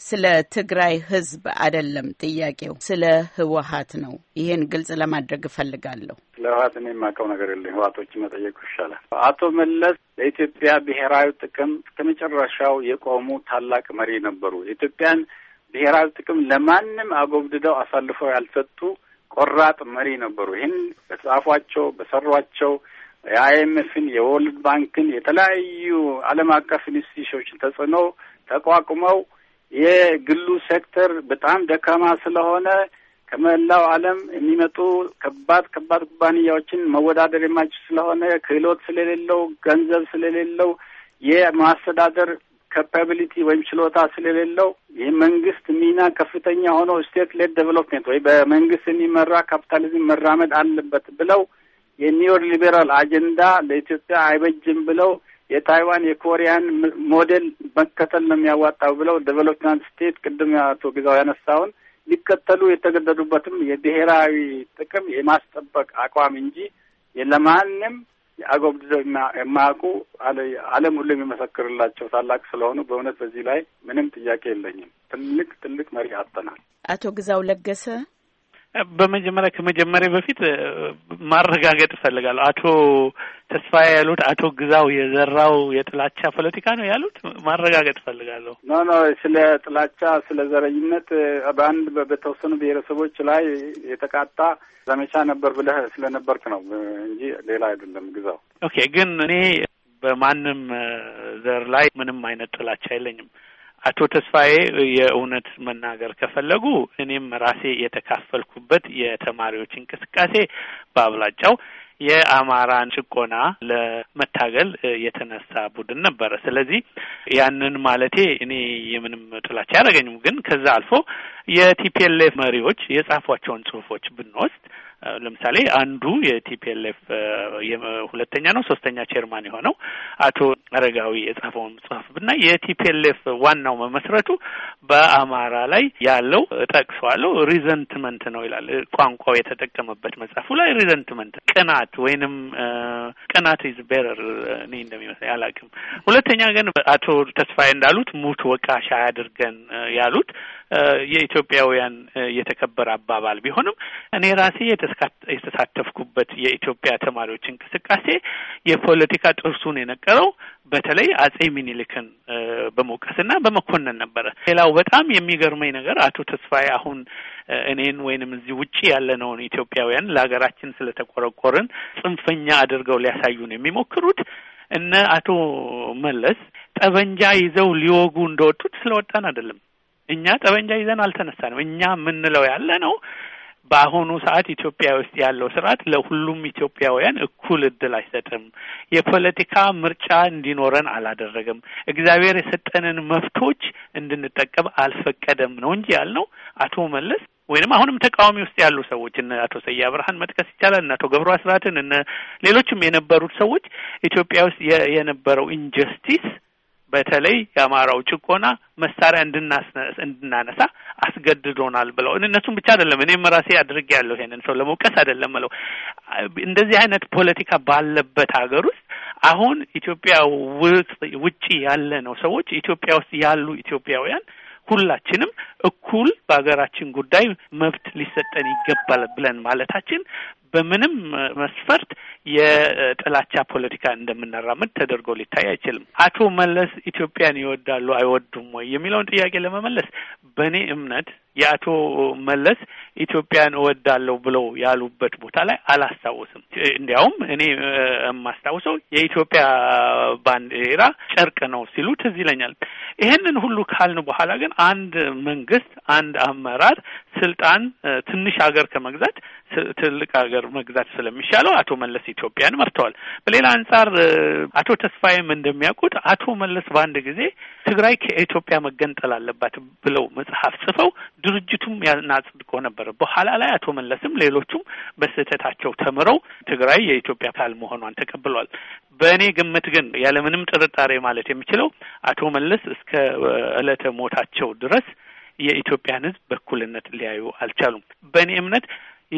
B: ስለ ትግራይ ህዝብ አይደለም ጥያቄው፣ ስለ ህወሀት ነው። ይህን ግልጽ ለማድረግ እፈልጋለሁ።
D: ስለ ህወሀት እኔ የማውቀው ነገር የለኝ። ህወሀቶች መጠየቁ ይሻላል። አቶ መለስ ለኢትዮጵያ ብሔራዊ ጥቅም ከመጨረሻው የቆሙ ታላቅ መሪ ነበሩ። የኢትዮጵያን ብሔራዊ ጥቅም ለማንም አጎብድደው አሳልፈው ያልሰጡ ቆራጥ መሪ ነበሩ። ይህን በጻፏቸው በሰሯቸው የአይኤምኤፍን፣ የወርልድ ባንክን፣ የተለያዩ ዓለም አቀፍ ኢንስቲትዩሽኖችን ተጽዕኖ ተቋቁመው የግሉ ሴክተር በጣም ደካማ ስለሆነ ከመላው ዓለም የሚመጡ ከባድ ከባድ ኩባንያዎችን መወዳደር የማይችል ስለሆነ ክህሎት ስለሌለው፣ ገንዘብ ስለሌለው የማስተዳደር ካፓቢሊቲ ወይም ችሎታ ስለሌለው የመንግስት ሚና ከፍተኛ ሆኖ ስቴት ሌድ ዴቨሎፕመንት ወይ በመንግስት የሚመራ ካፒታሊዝም መራመድ አለበት ብለው የኒዮር ሊበራል አጀንዳ ለኢትዮጵያ አይበጅም ብለው የታይዋን የኮሪያን ሞዴል መከተል ነው የሚያዋጣው ብለው ዴቨሎፕመንት ስቴት ቅድም አቶ ግዛው ያነሳውን ሊከተሉ የተገደዱበትም የብሔራዊ ጥቅም የማስጠበቅ አቋም እንጂ ለማንም አጎብድደውና የማያውቁ ዓለም ሁሉ የሚመሰክርላቸው ታላቅ ስለሆኑ በእውነት በዚህ ላይ ምንም ጥያቄ የለኝም። ትልቅ
B: ትልቅ መሪ አጥተናል። አቶ ግዛው ለገሰ በመጀመሪያ ከመጀመሪያ በፊት
E: ማረጋገጥ እፈልጋለሁ። አቶ ተስፋዬ ያሉት አቶ ግዛው የዘራው የጥላቻ ፖለቲካ ነው ያሉት ማረጋገጥ እፈልጋለሁ።
D: ኖ ኖ ስለ ጥላቻ ስለ ዘረኝነት በአንድ በተወሰኑ ብሔረሰቦች ላይ የተቃጣ ዘመቻ ነበር ብለህ ስለነበርክ ነው እንጂ ሌላ አይደለም። ግዛው
E: ኦኬ። ግን እኔ በማንም ዘር ላይ ምንም አይነት ጥላቻ የለኝም። አቶ ተስፋዬ የእውነት መናገር ከፈለጉ እኔም ራሴ የተካፈልኩበት የተማሪዎች እንቅስቃሴ በአብላጫው የአማራን ጭቆና ለመታገል የተነሳ ቡድን ነበረ። ስለዚህ ያንን ማለቴ እኔ የምንም ጥላቻ አያደርገኝም። ግን ከዛ አልፎ የቲፒኤልኤፍ መሪዎች የጻፏቸውን ጽሁፎች ብንወስድ ለምሳሌ አንዱ የቲፒኤልኤፍ ሁለተኛ ነው ሶስተኛ ቼርማን የሆነው አቶ አረጋዊ የጻፈውን ጽሁፍ ብናይ የቲፒኤልኤፍ ዋናው መመስረቱ በአማራ ላይ ያለው እጠቅሰዋለሁ ሪዘንትመንት ነው ይላል። ቋንቋው የተጠቀመበት መጽሐፉ ላይ ሪዘንትመንት ቅናት ሰዓት ወይንም ቀናት ኢዝ ቤረር እኔ እንደሚመስለኝ አላውቅም። ሁለተኛ ግን አቶ ተስፋዬ እንዳሉት ሙት ወቃሽ አያድርገን ያሉት የኢትዮጵያውያን የተከበረ አባባል ቢሆንም እኔ ራሴ የተሳተፍኩበት የኢትዮጵያ ተማሪዎች እንቅስቃሴ የፖለቲካ ጥርሱን የነቀረው በተለይ አጼ ሚኒሊክን በመውቀስና በመኮነን ነበረ። ሌላው በጣም የሚገርመኝ ነገር አቶ ተስፋዬ አሁን እኔን ወይንም እዚህ ውጪ ያለነውን ኢትዮጵያውያን ለሀገራችን ስለተቆረቆርን ጽንፈኛ አድርገው ሊያሳዩን የሚሞክሩት እነ አቶ መለስ ጠበንጃ ይዘው ሊወጉ እንደወጡት ስለወጣን አይደለም። እኛ ጠበንጃ ይዘን አልተነሳንም። እኛ የምንለው ያለ ነው በአሁኑ ሰዓት ኢትዮጵያ ውስጥ ያለው ስርዓት ለሁሉም ኢትዮጵያውያን እኩል እድል አይሰጥም። የፖለቲካ ምርጫ እንዲኖረን አላደረገም። እግዚአብሔር የሰጠንን መብቶች እንድንጠቀም አልፈቀደም ነው እንጂ ያልነው አቶ መለስ ወይንም አሁንም ተቃዋሚ ውስጥ ያሉ ሰዎች እነ አቶ ሰያ ብርሃን መጥቀስ ይቻላል። እነ አቶ ገብሩ አስራትን እነ ሌሎችም የነበሩት ሰዎች ኢትዮጵያ ውስጥ የነበረው ኢንጀስቲስ በተለይ የአማራው ጭቆና መሳሪያ እንድናነሳ አስገድዶናል ብለው እነሱም ብቻ አይደለም እኔም ራሴ አድርጌ ያለሁ ይሄንን ሰው ለመውቀስ አይደለም ብለው እንደዚህ አይነት ፖለቲካ ባለበት ሀገር ውስጥ አሁን ኢትዮጵያ ውጭ ውጪ ያለ ነው ሰዎች ኢትዮጵያ ውስጥ ያሉ ኢትዮጵያውያን ሁላችንም እኩል በሀገራችን ጉዳይ መብት ሊሰጠን ይገባል ብለን ማለታችን በምንም መስፈርት የጥላቻ ፖለቲካ እንደምናራምድ ተደርጎ ሊታይ አይችልም። አቶ መለስ ኢትዮጵያን ይወዳሉ አይወዱም ወይ የሚለውን ጥያቄ ለመመለስ በእኔ እምነት የአቶ መለስ ኢትዮጵያን እወዳለሁ ብለው ያሉበት ቦታ ላይ አላስታውስም። እንዲያውም እኔ የማስታውሰው የኢትዮጵያ ባንዲራ ጨርቅ ነው ሲሉ ትዝ ይለኛል። ይሄንን ሁሉ ካልን በኋላ ግን አንድ መንግስት፣ አንድ አመራር ስልጣን ትንሽ ሀገር ከመግዛት ትልቅ ሀገር መግዛት ስለሚሻለው አቶ መለስ ኢትዮጵያን መርተዋል። በሌላ አንጻር አቶ ተስፋዬም እንደሚያውቁት አቶ መለስ በአንድ ጊዜ ትግራይ ከኢትዮጵያ መገንጠል አለባት ብለው መጽሐፍ ጽፈው ድርጅቱም ያናጽድቆ ነበረ። በኋላ ላይ አቶ መለስም ሌሎቹም በስህተታቸው ተምረው ትግራይ የኢትዮጵያ አካል መሆኗን ተቀብሏል። በእኔ ግምት ግን ያለምንም ጥርጣሬ ማለት የምችለው አቶ መለስ እስከ ዕለተ ሞታቸው ድረስ የኢትዮጵያን ሕዝብ በእኩልነት ሊያዩ አልቻሉም። በእኔ እምነት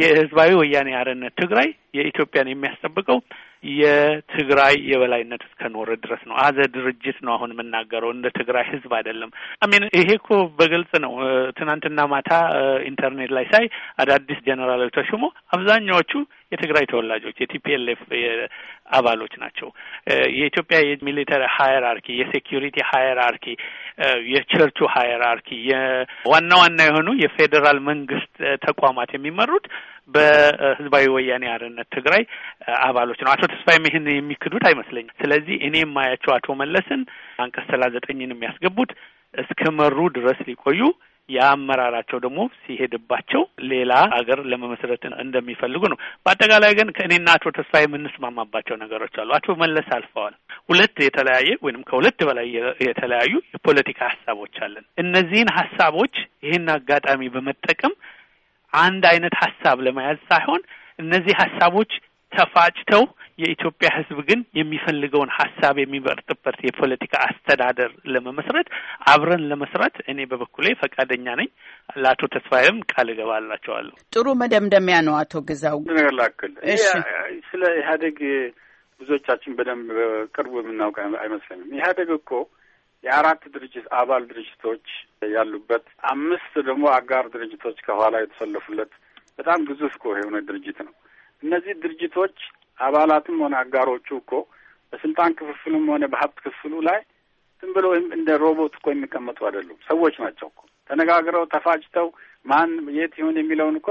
E: የህዝባዊ ወያኔ አርነት ትግራይ የኢትዮጵያን የሚያስጠብቀው የትግራይ የበላይነት እስከኖረ ድረስ ነው። አዘ ድርጅት ነው አሁን የምናገረው እንደ ትግራይ ህዝብ አይደለም። አሚን ይሄ እኮ በግልጽ ነው። ትናንትና ማታ ኢንተርኔት ላይ ሳይ አዳዲስ ጄኔራሎች ተሹሞ አብዛኛዎቹ የትግራይ ተወላጆች የቲፒኤልኤፍ አባሎች ናቸው። የኢትዮጵያ የሚሊተሪ ሀይራርኪ፣ የሴኪሪቲ ሀይራርኪ፣ የቸርቹ ሀይራርኪ፣ ዋና ዋና የሆኑ የፌዴራል መንግስት ተቋማት የሚመሩት በህዝባዊ ወያኔ አርነት ትግራይ አባሎች ነው። አቶ ተስፋዬም ይህን የሚክዱት አይመስለኝም። ስለዚህ እኔ የማያቸው አቶ መለስን አንቀጽ ሰላሳ ዘጠኝን የሚያስገቡት እስከ መሩ ድረስ ሊቆዩ የአመራራቸው ደግሞ ሲሄድባቸው ሌላ ሀገር ለመመስረት እንደሚፈልጉ ነው። በአጠቃላይ ግን ከእኔና አቶ ተስፋ የምንስማማባቸው ነገሮች አሉ። አቶ መለስ አልፈዋል። ሁለት የተለያየ ወይም ከሁለት በላይ የተለያዩ የፖለቲካ ሀሳቦች አለን። እነዚህን ሀሳቦች ይህን አጋጣሚ በመጠቀም አንድ አይነት ሀሳብ ለመያዝ ሳይሆን እነዚህ ሀሳቦች ተፋጭተው የኢትዮጵያ ሕዝብ ግን የሚፈልገውን ሀሳብ የሚመርጥበት የፖለቲካ አስተዳደር ለመመስረት አብረን ለመስራት እኔ በበኩሌ ፈቃደኛ ነኝ።
D: ለአቶ ተስፋዬም ቃል እገባላቸዋለሁ።
B: ጥሩ መደምደሚያ ነው። አቶ ግዛው ነገር
D: ላክል ስለ ኢህአዴግ ብዙዎቻችን በደንብ ቅርቡ የምናውቅ አይመስለኝም። ኢህአዴግ እኮ የአራት ድርጅት አባል ድርጅቶች ያሉበት አምስት ደግሞ አጋር ድርጅቶች ከኋላ የተሰለፉለት በጣም ግዙፍ እኮ የሆነ ድርጅት ነው። እነዚህ ድርጅቶች አባላትም ሆነ አጋሮቹ እኮ በስልጣን ክፍፍልም ሆነ በሀብት ክፍሉ ላይ ዝም ብሎ ወይም እንደ ሮቦት እኮ የሚቀመጡ አይደሉም። ሰዎች ናቸው እኮ ተነጋግረው ተፋጭተው ማን የት ይሁን የሚለውን እኮ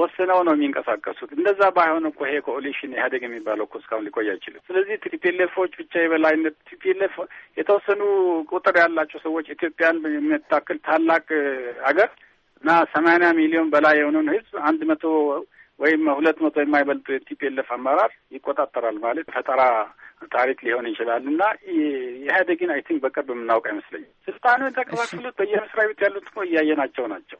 D: ወስነው ነው የሚንቀሳቀሱት። እንደዛ ባይሆን እኮ ይሄ ኮኦሊሽን ኢህአዴግ የሚባለው እኮ እስካሁን ሊቆይ አይችልም። ስለዚህ ቲፒኤልኤፎች ብቻ የበላይነት ቲፒኤልኤፍ የተወሰኑ ቁጥር ያላቸው ሰዎች ኢትዮጵያን የምታክል ታላቅ ሀገር እና ሰማንያ ሚሊዮን በላይ የሆነውን ህዝብ አንድ መቶ ወይም ሁለት መቶ የማይበልጡ ቲፒኤልኤፍ አመራር ይቆጣጠራል ማለት ፈጠራ ታሪክ ሊሆን ይችላል እና ኢህአዴግን አይ ቲንክ በቅርብ የምናውቅ አይመስለኝም። ስልጣኑ የተከፋፈሉት በየመስሪያ ቤት ያሉት እኮ እያየናቸው ናቸው።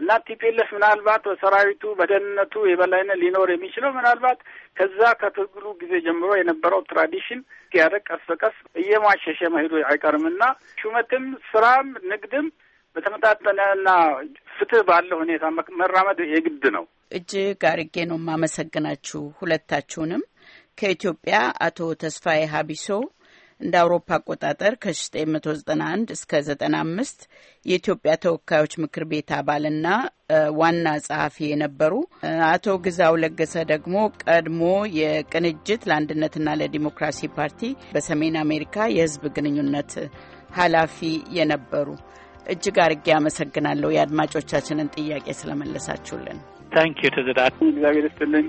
D: እና ቲፒኤልኤፍ ምናልባት በሰራዊቱ በደህንነቱ የበላይነት ሊኖር የሚችለው ምናልባት ከዛ ከትግሉ ጊዜ ጀምሮ የነበረው ትራዲሽን ያደግ ቀስ በቀስ እየሟሸሸ መሄዱ አይቀርምና ሹመትም ስራም ንግድም በተመጣጠነና ፍትህ ባለው ሁኔታ መራመድ የግድ ነው።
B: እጅግ አርጌ ነው የማመሰግናችሁ ሁለታችሁንም ከኢትዮጵያ አቶ ተስፋዬ ሀቢሶ እንደ አውሮፓ አቆጣጠር ከ1991 እስከ 95 የኢትዮጵያ ተወካዮች ምክር ቤት አባልና ዋና ጸሐፊ የነበሩ አቶ ግዛው ለገሰ ደግሞ ቀድሞ የቅንጅት ለአንድነትና ለዲሞክራሲ ፓርቲ በሰሜን አሜሪካ የህዝብ ግንኙነት ኃላፊ የነበሩ እጅግ አርጌ አመሰግናለሁ። የአድማጮቻችንን ጥያቄ ስለመለሳችሁልን
E: ታንክ ዩ ትዝታ እግዚአብሔር ይስጥልኝ።